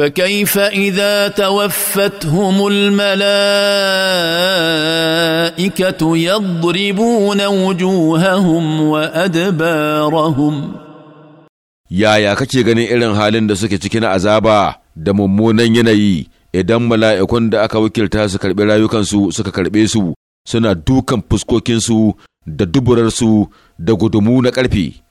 فكيف اذا توفتهم الملائكه يضربون وجوههم وادبارهم yaya kake ganin irin halin da suke cikin azaba da mummunan yanayi idan mala'ikun da aka wakilta su karɓi rayukansu suka karɓe su suna dukan fuskokinsu da duburarsu da gudumu na ƙarfe